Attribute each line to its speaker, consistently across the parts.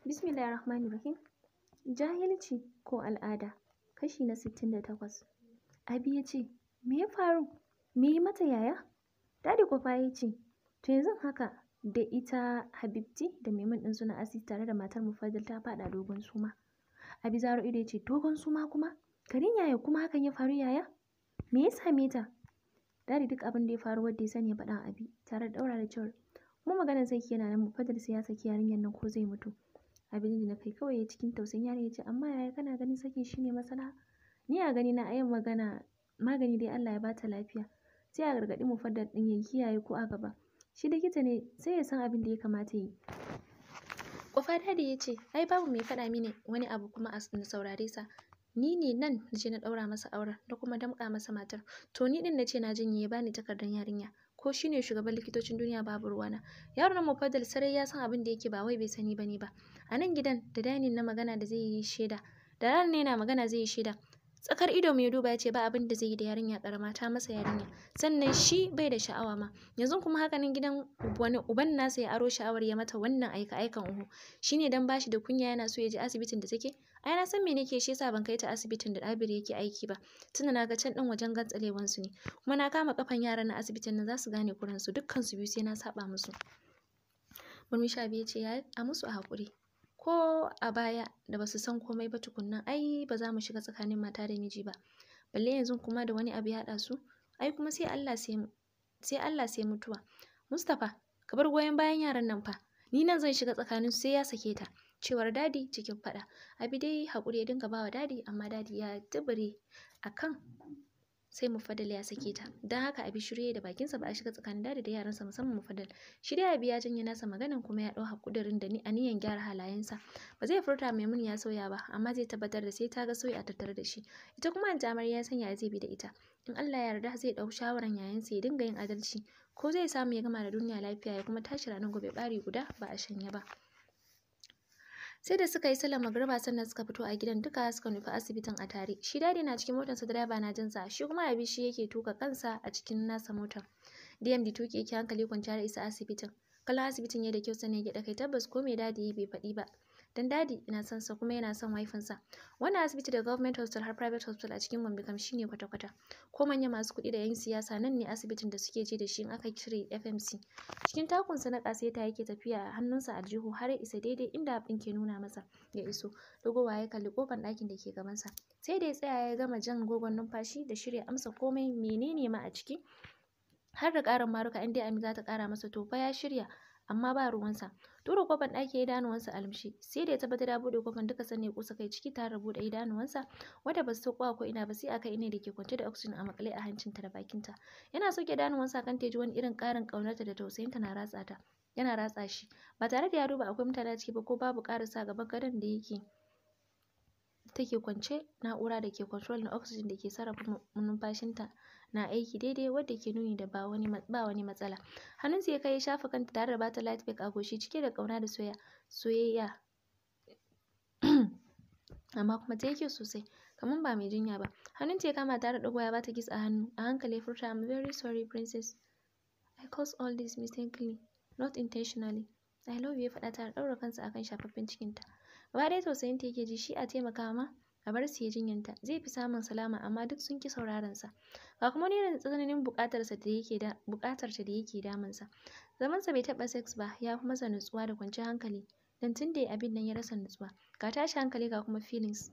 Speaker 1: Bismillahirrahmanirrahim. Rahim. Jahilci ko al'ada kashi na sittin 68. Abi ya ce, "Me ya faru? Me yi mata yaya?" Dadi kofa ya ce, "To yanzu haka da ita Habibti da Maimun din suna asi tare da matar Mufaddal ta fada dogon suma." Abi zaro ido ya ce, "Dogon suma kuma? Karin yaya kuma hakan ya faru yaya? Me ya same ta?" Dadi duk abin da ya faru wanda ya sani ya faɗa Abi tare da daura da cewa, "Mu maganar sai yana nan Mufaddal sai ya saki yarinyar nan ko zai mutu." abin da na kai kawai cikin tausayin yaron ya ce amma yaya kana ganin sakin shi ne masana ni a gani na ayin magana magani dai Allah ya bata lafiya sai a gargaɗi fadar ɗin ya kiyaye ko a gaba shi likita ne sai ya san abin da ya kamata yi Kofa dadi ya ce, ai babu mai faɗa mini wani abu kuma a saurare sa. Ni ne nan na je na ɗaura masa auren da kuma damƙa masa matar. To ni ɗin na ce na janye ya bani takardar yarinya. Ko shi ne shugaban likitocin duniya babu ruwana. Yaron mu mufaddal sarai ya san abin da yake ba wai bai sani bane ba. a nan gidan da dining na magana da zai yi shaida da ran ne na magana zai yi shaida tsakar ido mai duba ya ce ba abin zai yi da yarinya karama ta masa yarinya sannan shi bai da sha'awa ma yanzu kuma nan gidan wani uban nasa ya aro sha'awar ya mata wannan aika aikan uhu shine dan bashi da kunya yana so ya je asibitin da take ai na san me ke shi yasa ban kai ta asibitin da Abir yake aiki ba tunda na ga can din wajen gantsalewan su ne kuma na kama kafan yaran na asibitin nan za su gane kuransu dukkan su biyu sai na saba musu Murmusha ya ce ya a musu a hakuri ko a baya da basu san komai ba tukunna ai ba za mu shiga tsakanin mata da miji ba balle yanzu kuma da wani abu ya haɗa su ai kuma sai Allah sai sai Allah sai mutuwa Mustapha ka bar goyon bayan yaran nan fa ni nan zan shiga tsakanin su sai ya sake ta cewar dadi cikin faɗa abi dai hakuri ya dinga bawa dadi amma dadi ya tubure akan sai mu fadal ya sake ta don haka abi shirye da bakinsa ba a shiga tsakanin dadi da yaransa musamman fadal? shi dai abi ya janye nasa maganan kuma ya ɗau kudirin da ni aniyan gyara halayensa ba zai furta maimun ya sauya ba amma zai tabbatar da sai ta ga sauyi a tattare da shi ita kuma an jamar ya sanya zai bi da ita in Allah ya yarda zai ɗau shawaran yayansa ya dinga yin adalci ko zai samu ya gama da duniya lafiya ya kuma tashi ranar gobe bari guda ba a shanye ba sai da suka yi sallar magriba sannan suka fito a gidan duka suka nufi asibitin a tare shi dadi na cikin motarsa direba na jin sa shi kuma abi shi yake tuka kansa a cikin nasa motar DMD tuki yake hankali kwanciya da isa asibitin kallon asibitin ya da kyau sannan ya kai tabbas ko mai dadi bai faɗi ba dan dadi ina son sa kuma yana son waifinsa wannan asibiti da government hospital har private hospital a cikin Gombe kam shine kwata-kwata ko manya masu kuɗi da yan siyasa nan ne asibitin da suke je da shi in aka cire FMC cikin takun sa na kaseta yake tafiya a hannun hannunsa aljihu har ya isa daidai inda abin ke nuna masa ya iso dogowa ya kalli kofar ɗakin da ke gaban sa sai da ya tsaya ya gama jan gogon numfashi da shirya amsa komai menene ma a ciki har da karin maruka in dai za ta kara masa to fa ya shirya amma ba ruwansa tura kofar ɗaki ya idanuwansa almishi sai da ya tabbatar da buɗe kofar duka sanne kusa kai ciki tare da buɗe idanuwansa wanda ba su sauko ko ina ba sai kai ina da ke kwance da oxygen a makale a hancinta da bakinta yana sauke idanuwansa kan teji wani irin ƙarin ƙaunarta da tausayinta na ratsa ta yana ratsa shi ba tare da ya duba akwai mutane a ciki ba ko babu sa gaban gadon da yake take kwance na'ura da ke control na oxygen da ke sarrafa numfashinta na aiki daidai wadda ke nuni da ba wani ba wani matsala hannunsa ya kai ya shafa kanta tare da bata light pack a goshi cike da kauna da soyayya soyayya amma kuma ta yake sosai kamar ba mai jinya ba hannunta ya kama tare da ya bata kiss a hannu a hankali ya furta I'm very sorry princess I caused all this mistakenly not intentionally I love you ya faɗa tare ɗaura kansa akan shafaffen cikinta gaba ɗaya ta yake ji shi a taimaka ma bar su yi jinyanta zai fi samun salama amma duk sun ki sauraron sa ba kuma ne da tsananin buƙatar sa da yake da bukatar ta da yake damun sa zaman sa bai taɓa sex ba ya fi masa nutsuwa da kwanciyar hankali dan tun da abin nan ya rasa nutsuwa ga tashi hankali ga kuma feelings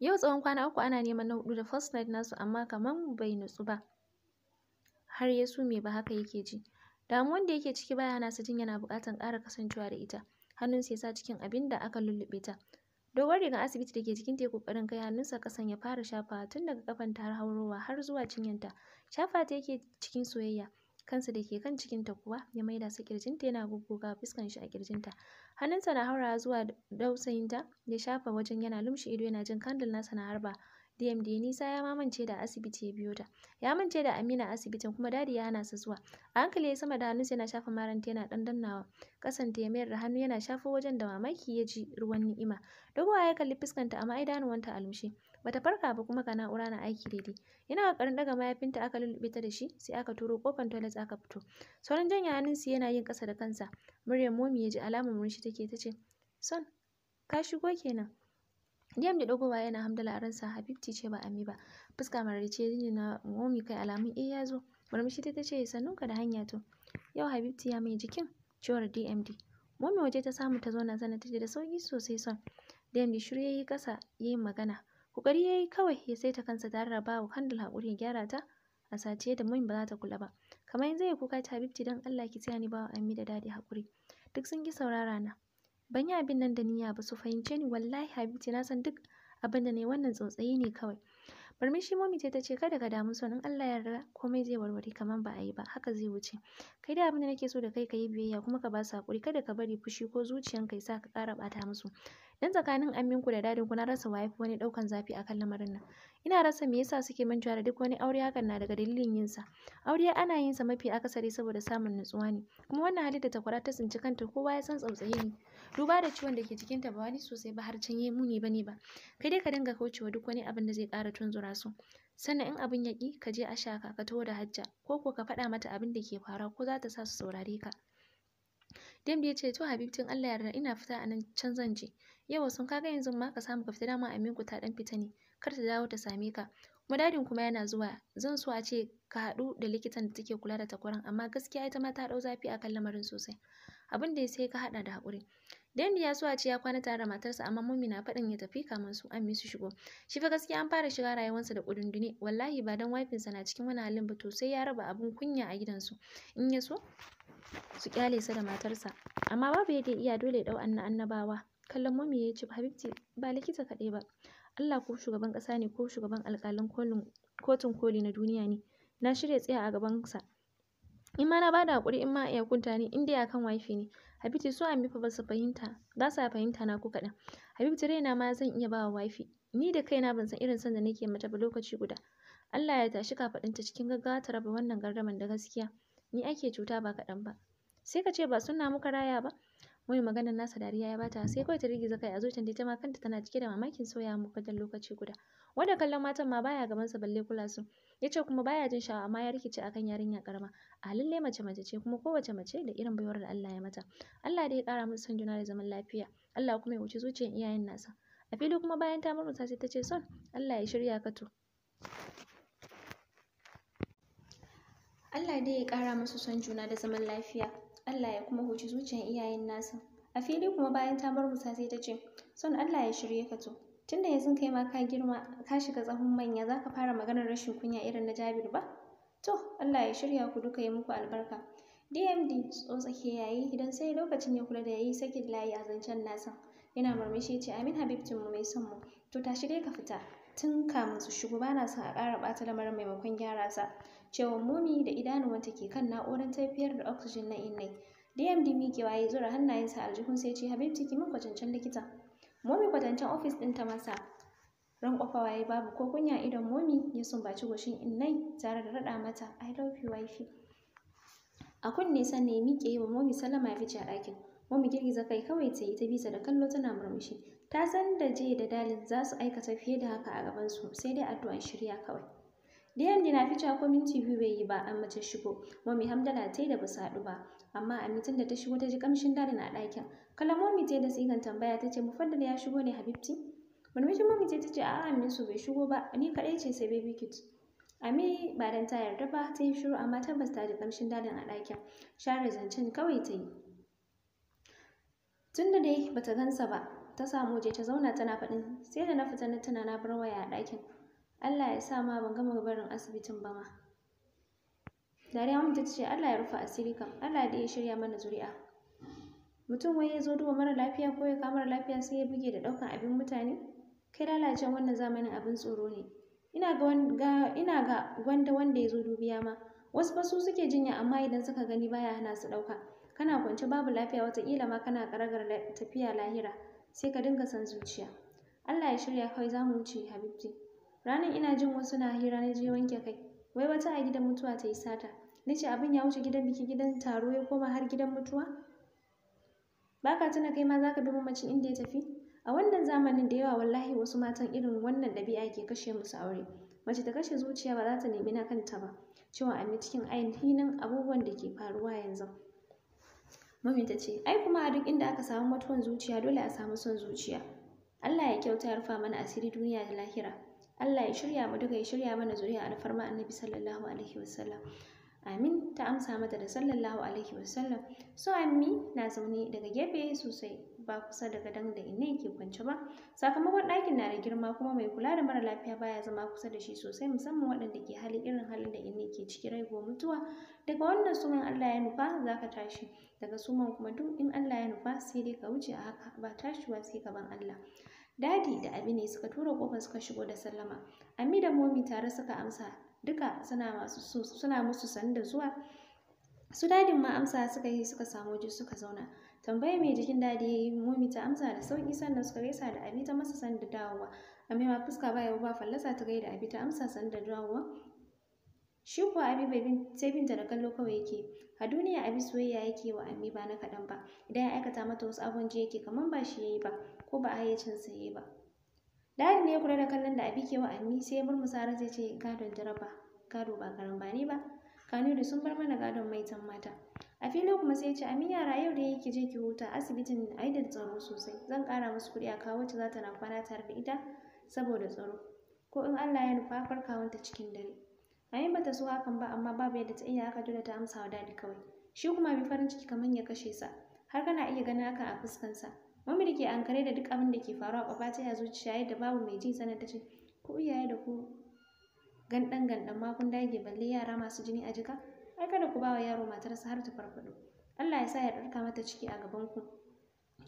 Speaker 1: yau tsawon kwana uku ana neman na hudu da first night nasu amma kaman bai nutsu ba har ya me ba haka yake ji damuwan da yake ciki baya hana su jin yana buƙatar kara kasancewa da ita hannun sa ya sa cikin abin da aka lullube ta Dogon rigar asibiti da ke cikin teku ƙarin kai hannunsa kasan ya fara shafawa tun daga kafanta har haurowa har zuwa cinyanta. Shafa ta yake cikin soyayya. Kansa da ke kan cikinta kuwa ya maida su ƙirjinta yana goggogawa fuskan shi a ƙirjinta. Hannunsa na haurawa zuwa dausayinta ya shafa wajen yana lumshe ido yana jin kandil nasa na harba DMD nisa ya mamance da asibiti ya biyo ta. Ya mance da Amina asibitin kuma dadi ya hana su zuwa. A hankali ya sama da sai yana shafa maranta yana dan dannawa. Kasanta ya mayar da hannu yana shafo wajen da mamaki ya ji ruwan ni'ima. Dogowa ya kalli fuskanta amma ai idanuwanta a lumshe. Bata farka ba kuma ga na'ura na aiki daidai. Yana kokarin daga mayafinta aka lulluɓe ta da shi sai aka turo kofar toilet aka fito. Sauran janya su yana yin ƙasa da kansa. Muryar momi ya ji alamar murmushi take ta ce, Son, ka shigo kenan. Diyam da ɗagowa yana hamdala a ransa Habibti ce ba Ami ba. Fuska mararice ne na Momi kai alamun eh ya zo. Murmushi ta ce ka da hanya to. Yau Habibti ya mai jikin cewar DMD. Momi waje ta samu ta zauna sana ta da sauki sosai son. DMD shiru ya yi kasa ya magana. Kokari yayi kawai ya saita kansa tare da bawa kandil haƙuri ya gyara ta a sace da Momi ba za ta kula ba. Kamar yanzu ya kuka ta Habibti dan Allah ki tsaya ni bawa Ami da dadi hakuri Duk sun ki saurara na. ban yi abin nan da niyya ba su fahimce ni wallahi habibti na san duk abin da ne wannan tsotsayi ne kawai Barmishi momi ce ta ce kada ka damu sonin Allah ya yarda komai zai warware kamar ba a yi ba haka zai wuce. Kai da abin da nake so da kai ka yi biyayya kuma ka basu su hakuri kada ka bari fushi ko zuciyanka ya sa ka ƙara ɓata musu. dan tsakanin aminku da dadinku na rasa waye wani daukan zafi akan lamarin nan ina rasa me yasa suke mantuwa da duk wani aure hakan na daga dalilin yin sa aure ana yin sa mafi akasari saboda samun nutsuwa ne kuma wannan halin da takwara ta tsinci kanta kowa ya san tsautsayi ne duba da ciwon da ke jikinta ba wani sosai ba har can yayi muni bane ba kai dai ka dinga kaucewa duk wani abin da zai kara tunzura su sannan in abin ya ki ka je a shaka ka taho da hajja ko ko ka faɗa mata abin da ke faruwa ko za ta sa su saurare ka Dembi ya ce to Habib tun Allah yarda ina fita a can zan je Yau sun kaga yanzu ma ka samu ka fita dama Aminku ta dan fita ne. Kar ta dawo ta same ka. Kuma dadin kuma yana zuwa. Zan so a ce ka haɗu da likitan da take kula da takwaran amma gaskiya ita ma ta ɗau zafi akan lamarin sosai. Abin da ya sai ka haɗa da haƙuri. Dandy ya so a ce ya kwana tare da matarsa amma mummy na faɗin ya tafi kamin su ammi su shigo. Shi fa gaskiya an fara shiga rayuwarsa da kudundune wallahi ba dan wifinsa na cikin wani halin ba to sai ya raba abun kunya a gidansu. In ya so su kyale sa da matarsa amma babu yadda iya dole ya dau annabawa kallon mami ya ce habibti ba likita kaɗai ba allah ko shugaban ƙasa ne ko shugaban alƙalin kotun koli na duniya ne na shirya tsaya a gabansa in ma na ba da haƙuri in ma ya kunta ni in dai akan wife ne habibti su a fa ba su fahimta ba sa fahimta na ku kaɗan habibti raina ma zan iya ba wa wife ni da kaina ban san irin son da nake mata ba lokaci guda allah ya tashi ta cikin gaggawa ta raba wannan gardaman da gaskiya ni ake cuta ba kaɗan ba sai ka ce ba suna muka raya ba Mai maganar nasa dariya ya bata sai kawai ta rigiza kai a zuciyar ta ma kanta tana cike da mamakin soyawa mu kwatar lokaci guda. Wanda kallon matan ma baya gaban sa balle kula su. Yace kuma baya jin sha'awa amma ya rikice akan yarinya karama. A halin lalle mace mace ce kuma kowace mace da irin baiwar da Allah ya mata. Allah dai ya kara musu son juna da zaman lafiya. Allah kuma ya wuce zuciyar iyayen nasa. A fili kuma bayan ta murmusa sai ta ce son Allah ya shirya ka to. Allah dai ya kara musu son juna da zaman lafiya. Allah ya kuma huci zuciyar iyayen nasa. A fili kuma bayan ta bar Musa sai ta ce, son Allah ya shirye ka to. Tunda yanzu kai ma ka girma, ka shiga tsahon manya za ka fara maganar rashin kunya irin na Jabir ba? To, Allah ya shirya ku duka yi muku albarka. DMD tsotsake yi idan sai lokacin ya kula da ya yi sakin layi a zancen nasa. Yana murmushi ce Amin Habibtin mu mai son mu. To tashi dai ka fita. Tun kamun su shigo bana son a ƙara ɓata lamarin maimakon gyara sa. cewa mumi da idanuwanta ke kan na'urar tafiyar da oxygen na inai dmd mikewa ya zura hannayensa aljihun sai ce Habib ciki min kwatancen likita momi kwatancen ofis ɗin ta masa ran kwafawa waye babu ko kunya idan momi ya sumbaci goshin innai tare da raɗa mata i love you wifi a kunne sannan ya miƙe yi wa momi salama ya fice a ɗakin momi girgiza kai kawai ta yi ta bisa da kallo tana murmushi ta san da je da dalin za su aikata fiye da haka a gabansu sai dai addu'an shirya kawai DMD na fita ko minti biyu bai yi ba an mace shigo. Mami Hamdala ta yi da basu haɗu ba. Amma mitin da ta shigo ta ji kamshin dalin a ɗakin. Kalan Mami ta yi da sigan tambaya ta ce Mufaddal ya shigo ne Habibti? Murmushin Mami ta ce a'a Aminsu bai shigo ba ni kaɗai ce sai baby kit. Ami ba dan ta yarda ba ta yi shiru amma tabbas ta ji kamshin dalin a ɗakin. Share zancen kawai ta yi. Tunda dai bata gansa ba ta samu je ta zauna tana faɗin sai da na fita na tuna na bar waya a ɗakin. Allah ya sa ma ban gama barin asibitin ba ma dariya mamta ta ce Allah ya rufa asiri kam Allah da ya shirya mana zuri'a mutum wai ya zo duba mara lafiya ko ya mara lafiya sai ya buge da ɗaukan abin mutane kai lalacen wannan zamanin abin tsoro ne ina ga ina ga gwanda wanda ya zo dubiya ma wasu ba su suke jinya amma idan suka gani baya hana su ɗauka kana kwance babu lafiya wataƙila ma kana ƙaragar tafiya lahira sai ka dinga san zuciya Allah ya shirya kawai za mu wuce habibti Ranar ina jin wasu na hira na je wanke kai. Wai wata a gidan mutuwa ta yi sata. Na ce abin ya wuce gidan biki gidan taro ya koma har gidan mutuwa? Ba tuna kai ma zaka bi mamacin inda ya tafi? A wannan zamanin da yawa wallahi wasu matan irin wannan ɗabi'a ke kashe musu aure. Mace ta kashe zuciya ba za ta nemi na kanta ba. Cewa a cikin ainihin abubuwan da ke faruwa yanzu. Mami ta ce, ai kuma a duk inda aka samu mutuwan zuciya dole a samu son zuciya. Allah ya kyauta ya rufa mana asiri duniya da lahira. Allah ya shirya mu duka ya shirya mana zuriya alfarma annabi sallallahu alaihi wasallam amin ta amsa mata da sallallahu alaihi wasallam so ammi na zaune daga gefe sosai ba kusa da gadon da ina ke kwance ba sakamakon ɗakin na da girma kuma mai kula da mara lafiya baya zama kusa da shi sosai musamman waɗanda ke hali irin halin da ina ke ciki rai ko mutuwa daga wannan suman Allah ya nufa zaka tashi daga suman kuma duk in Allah ya nufa sai dai ka wuce a haka ba tashiwa sai ka ban Allah Dadi da abi ne suka tura kofar suka shigo da sallama. Ami da momi tare suka amsa duka suna masu suna musu sani da zuwa. Su dadin ma amsa suka yi suka samu waje suka zauna. Tambaya mai jikin dadi ya yi momi ta amsa da sauki sannan suka gaisa da abi ta masa sani da dawowa. Ami ma fuska ba yau ba fallasa ta gaida abi ta amsa sani da dawowa. Shi kuwa Abi sai binta da kallo kawai yake. A duniya Abi soyayya yake wa Ami ba na kaɗan ba. Idan ya aikata mata wasu abun ji yake kaman ba shi yayi ba ko ba a hayyacin sa yayi ba. Dadi ne ya kula da kallon da Abi ke wa Ami sai ya murmusa ran zai ce gadon jaraba gado ba karambani ba. ne ba Kanuri sun bar mana gadon maitan mata. A filin kuma sai ya ce amin yara yau da yake je ki huta asibitin ai da tsaro sosai. Zan kara musu kuɗi a kawo wacce za ta na kwana tare da ita saboda tsaro. Ko in Allah ya nufa kawunta cikin dare. a bata so hakan ba amma babu yadda ta iya haka dole ta amsa wa dadi kawai shi kuma bi farin ciki kamar ya kashe sa har kana iya ganin hakan a fuskansa mami da ke ankare da duk abin da ke faruwa kwafa ta ya zuciya yadda babu mai ji sanar ta ce ku iyaye da ku gandan gandan ma kun dage balle yara masu jini a jika ai kada ku ba wa yaro matarsa har ta farfado Allah ya sa ya ɗarka mata ciki a gaban ku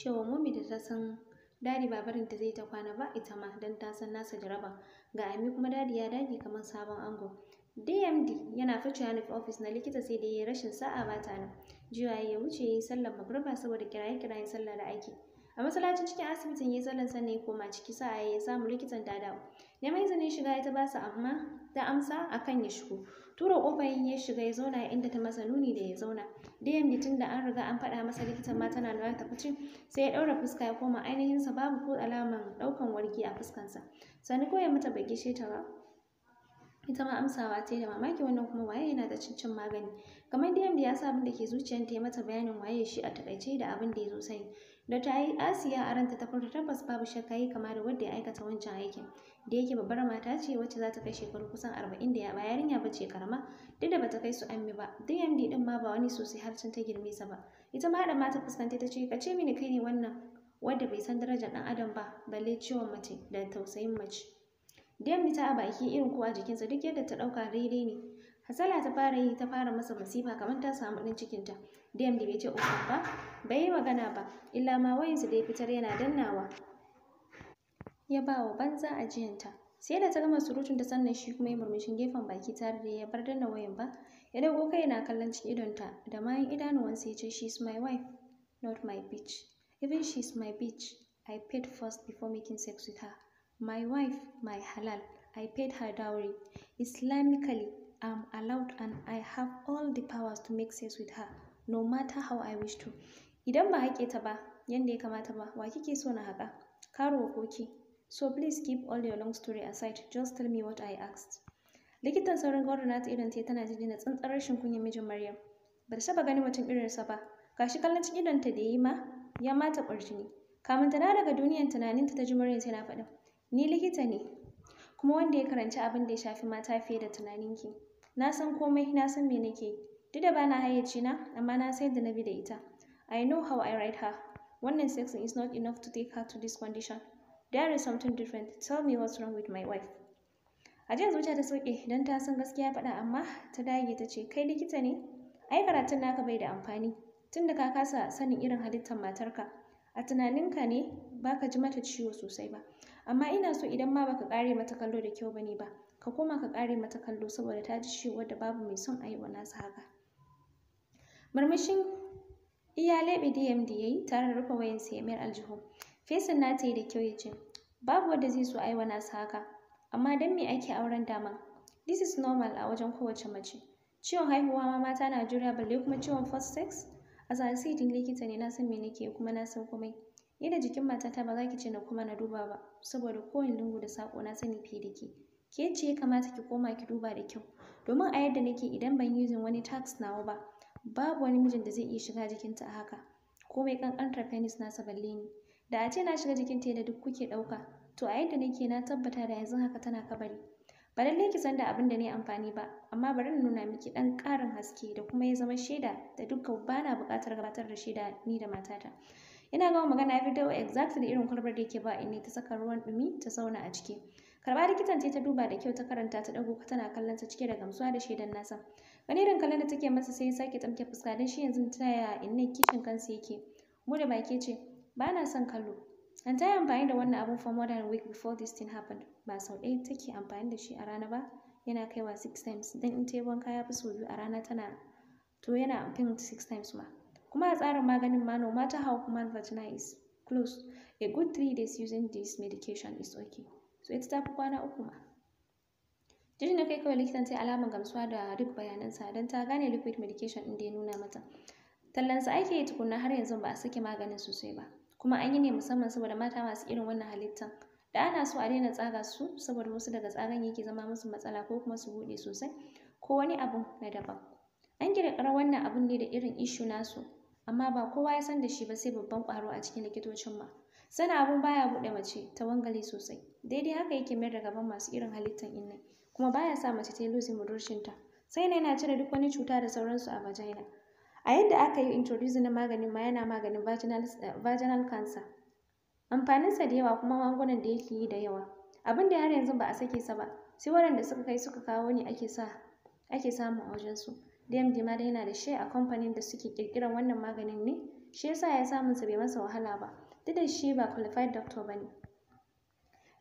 Speaker 1: cewa mami da ta san dadi ba barin ta zai ta kwana ba ita ma don ta san nasa jaraba ga ami kuma dadi ya dage kamar sabon ango DMD yana facewa nufi ofis na likita sai da ya yi rashin sa'a ba ta nan. Juya ya wuce ya yi sallar magruba saboda kiraye-kirayen sallar da ake. A masallacin cikin asibitin ya yi sallar sannan ya koma ciki sa'a ya samu likitan ta dawo. Neman izinin shiga ya ta ba su amma ta amsa akan ya shigo. Tura ƙofar ya shiga ya zauna inda ta masa nuni da ya zauna. DMD tun da an riga an faɗa masa likitan ma tana nuna ta fice sai ya ɗaura fuska ya koma sa babu ko alaman ɗaukan warki a fuskansa. Sani ko ya mata bai gishe ta ba. ita ma amsawa ta da mamaki wannan kuma waye yana da cincin magani kamar yanda ya sa abin da ke zuciyanta ya mata bayanin waye shi a takaice da abin da ya zo sani da ta yi asiya a ranta ta furta tabbas babu shakka yi kama da wadda ya aikata wancan aikin da yake babbar mata ce wacce za ta kai shekaru kusan arba'in da ya ba yarinya ba ce karama duk da ta kai su ammi ba DMD din ma ba wani sosai har can ta girme sa ba ita ma da mata fuskanta ta ce ka ce mini kai ne wannan wadda bai san darajar dan adam ba balle ciwon mace da tausayin mace Dan ta a baki irin kowa jikinsa duk yadda ta ɗauka daidai ne. Hasala ta fara yi ta fara masa masifa kamar ta samu ɗin cikinta. Dam da bai ce uku ba, bai yi magana ba, illa ma wayansu da ya fitar yana dannawa. Ya ba wa banza ajiyanta. Sai da ta gama surutun ta sannan shi kuma ya murmushin gefen baki tare da ya bar danna wayan ba, ya dago kai yana kallon cikin idonta da mayan idanuwansa ya ce she is my wife, not my bitch. Even she is my bitch. I paid first before making sex with her. My wife, my halal, I paid her dowry. Islamically, I'm allowed and I have all the powers to make sex with her, no matter how I wish to. Idan ba haƙe ta ba, yanda ya kamata ba, wa kike so na haƙa? Karo ko ki? So please keep all your long story aside, just tell me what I asked. Likitan sauran gwamnati nata irin ta tana jin na tsantsar rashin kunyar mijin Maryam. Ba ta taɓa ganin mutum irinsa ba, gashi kallon cikin idonta da yi ma, ya mata ƙwarjini. Kamin ta na daga duniyar tunaninta ta ji Maryam na faɗin, Ni likita ne, kuma wanda ya karanci abin da ya shafi mata fiye da tunaninki. Na san komai, na san me nake Duk da ba na amma na san da na bi da ita. I know how I write her. Wannan sex is not enough to take her to this condition. There is something different. Tell me what's wrong with my wife. A jiya zuciya ta sauke don ta san gaskiya faɗa amma ta dage ta ce, Kai likita ne? Ai karatun naka bai da amfani. Tun da ka kasa sanin irin halittar matarka, a tunaninka ne baka ji mata ciwo sosai ba. amma ina so idan ma baka kare mata kallo da kyau bane ba ka koma ka kare mata kallo saboda ta ji shi wadda babu mai son a yi wa nasa haka murmushin iyalai dm da yayi tare da rufe wayan sa ya aljihu fesin na ta yi da kyau ya ce babu wadda zai so a yi wa nasa haka amma dan me ake auren dama this is normal a wajen kowace mace ciwon haihuwa ma mata na juriya balle kuma ciwon first sex a likita ne na san me nake kuma na san komai Ni jikin matata ba za ki ce na kuma na duba ba, saboda kowane lungu da saƙo na sani fiye da ke. Ke ce ya kamata ki koma ki duba da kyau, domin a yadda nake idan ban yi wani tax nawa ba, babu wani mijin da zai iya shiga jikinta a haka. Komai ƙanƙantar penis nasa balle ni. Da a ce na shiga jikinta yadda duk kuke ɗauka, to a yadda nake na tabbata da yanzu haka tana kabari. Ba lallai ki san da abin da na amfani ba, amma bari na nuna miki ɗan ƙarin haske da kuma ya zama shaida da dukkan ba na buƙatar gabatar da shaida ni da matata. ina gama magana ya fito exactly irin kwalbar da yake ba inai ta saka ruwan dumi ta zauna a ciki karba likitan ta duba da kyau ta karanta ta dago tana kallon ta cike da gamsuwa da shaidan nasa wani irin kallon da take masa sai ya sake tsamke fuska dan shi yanzu ta yaya inni kishin kansa yake bude baki ce ba na son kallo an ta yi amfani da wannan abun for more than a week before this thing happened ba sau ɗaya take amfani da shi a rana ba yana kaiwa six times don in ta yi wanka ya fi sau biyu a rana tana to yana da six times ma Kuma a tsarin maganin ma no matter how human vagina is closed, a good three days using this medication is okay. So ita ta fi kwana uku ma. Jiji na kai kawai likitan ta alamar gamsuwa da duk bayanansa don ta gane liquid medication ɗin da ya nuna mata. tallan Tallansa ake yi tukunna har yanzu ba a sake maganin sosai ba. Kuma an yi ne musamman saboda mata masu irin wannan halittan. Da ana so a daina tsaga su saboda wasu daga tsagan yake zama musu matsala ko kuma su buɗe sosai ko wani abu na daban. An ƙirƙira wannan abun ne da irin ishu nasu amma ba kowa ya san da shi ba sai babban ƙwaro a cikin likitocin ma sana abun baya buɗe mace ta wangale sosai daidai haka yake mayar da gaban masu irin halittar innan kuma baya sa mace ta yi lusin ta. sai na yana cire duk wani cuta da sauransu a vagina a yadda aka yi introduce na maganin ma yana maganin vaginal, eh, vaginal cancer amfaninsa da yawa kuma magungunan da yake yi da yawa abin da har yanzu ba a sake sa ba sai waɗanda suka kai suka kawo ne ake sa ake samu a su. DMD ma dai yana da shi a kamfanin da suke ƙirƙirar wannan maganin ne, shi yasa ya samun sa bai masa wahala ba, duk da shi ba qualified doctor ba ne.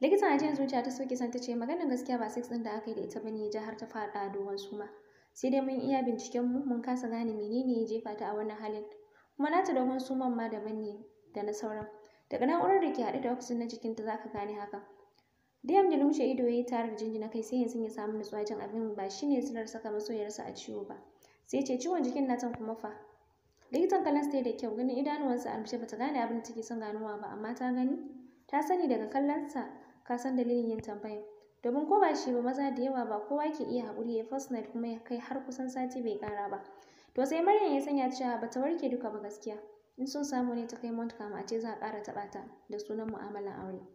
Speaker 1: Likitan ajiyar zuciya ta soke san ta ce maganin gaskiya ba sex ɗin da aka yi da ita ba ne ja har ta faɗa dogon suma. Sai dai mun iya binciken mu mun kasa gane menene ya jefa ta a wannan halin. Kuma na ta dogon suman ma daban ne da na sauran. Daga na'urar da ke haɗe da oxygen na jikinta za ka gane hakan. DMD da lumshe ido ya yi tare da jinjina kai sai yanzu ya samu nutsuwa jin abin ba shine ne saka masoyarsa a ciwo ba. sai ce ciwon jikin natan kuma fa likitan kallon sai da kyau ganin idanuwansa a mace bata gane abin da take son ganuwa ba amma ta gani ta sani daga kallonsa ka san dalilin yin tambayan domin ko ba shi ba maza da yawa ba kowa ke iya haƙuri ya first night kuma ya kai har kusan sati bai ƙara ba to sai maryam ya sanya cewa bata warke duka ba gaskiya in sun samu ne ta kai mount kama a ce za a ƙara taɓa ta da sunan mu'amalan aure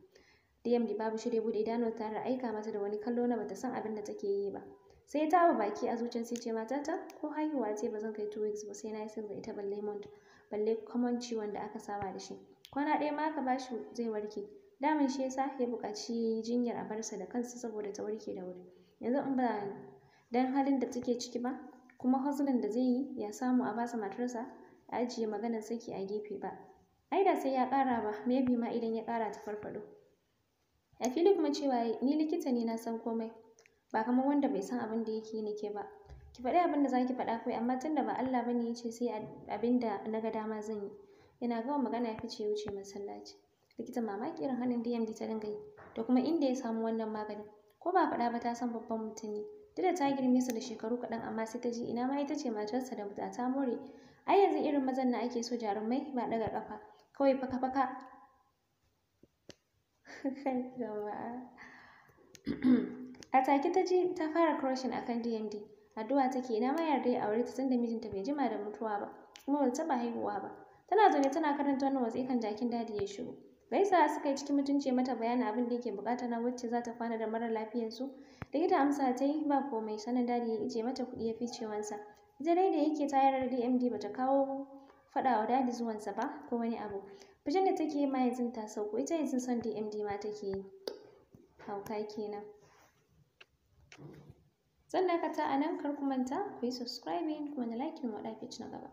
Speaker 1: dmd babu shirya bude idanuwar tare aika mata da wani kallo na bata san abin da take yi ba sai ta ba baki a zuciya sai ce matata ko haihuwa ce ba zan kai two weeks ba sai na yi sirri ita balle mont balle common ciwon da aka saba da shi kwana ɗaya ma ka bashi zai warke daman shi yasa ya buƙaci jinyar a barsa da kansa saboda ta warke da wuri yanzu in ba dan halin da take ciki ba kuma hustling da zai yi ya samu a basa matarsa ya ajiye maganar saki a gefe ba ai da sai ya ƙara ba maybe ma idan ya ƙara ta farfaɗo a fili kuma cewa ni likita ne na san komai ba kamar wanda bai san abin da yake ne ke ba ki faɗi abin da ki faɗa kawai amma tunda ba Allah bane ya ce sai abin da na ga dama zan yi yana gama magana ya fice ya wuce masallaci likita mamaki irin hannun DMD ta dinga yi da kuma inda ya samu wannan maganin ko ba faɗa ba ta san babban mutum ne duk da ta girme su da shekaru kaɗan amma sai ta ji ina ma ita ce matarsa da mutu ta more ai yanzu irin mazan na ake so jarumai ba ɗaga ƙafa kawai faka faka jama'a Kataki ta ji ta fara crushing kan DMD. Addu'a take ina ma yarda ya aure ta tunda mijinta bai jima da mutuwa ba, kuma bai taɓa haihuwa ba. Tana zaune tana karanta wannan wasikan jakin dadi ya shigo. Gaisa suka yi cikin mutunci mata bayanin abin da yake bukata na wacce za ta kwana da mara lafiyar lafiyarsu. Likita amsa ta yi ba komai sanin dadi ya ije mata kuɗi ya wansa. Ita dai da yake tayar da DMD ba ta kawo faɗawa wa dadi zuwansa ba ko wani abu. Fijin da take yi ma yanzu ta sauko ita yanzu son DMD ma take yi. Hauka kenan. zan dakata a nan kar ku manta ku yi subscribing kuma na like mu ci na gaba